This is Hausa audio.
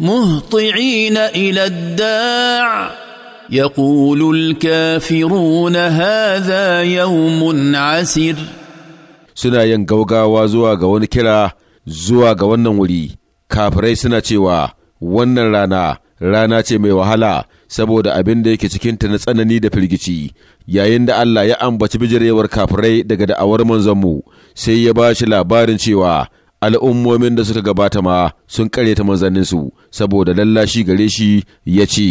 مهطعين الى الداع يقول الكافرون هذا يوم عسر suna yin gaugawa zuwa ga wani kira zuwa ga wannan wuri kafirai suna cewa wannan rana rana ce mai wahala saboda abin da yake cikinta na tsanani da firgici yayin da Allah ya ambaci bijirewar kafirai daga da'awar mu, sai ya ba shi labarin cewa al'ummomin da suka gabata ma sun ta manzanninsu saboda lallashi gare shi ya ce,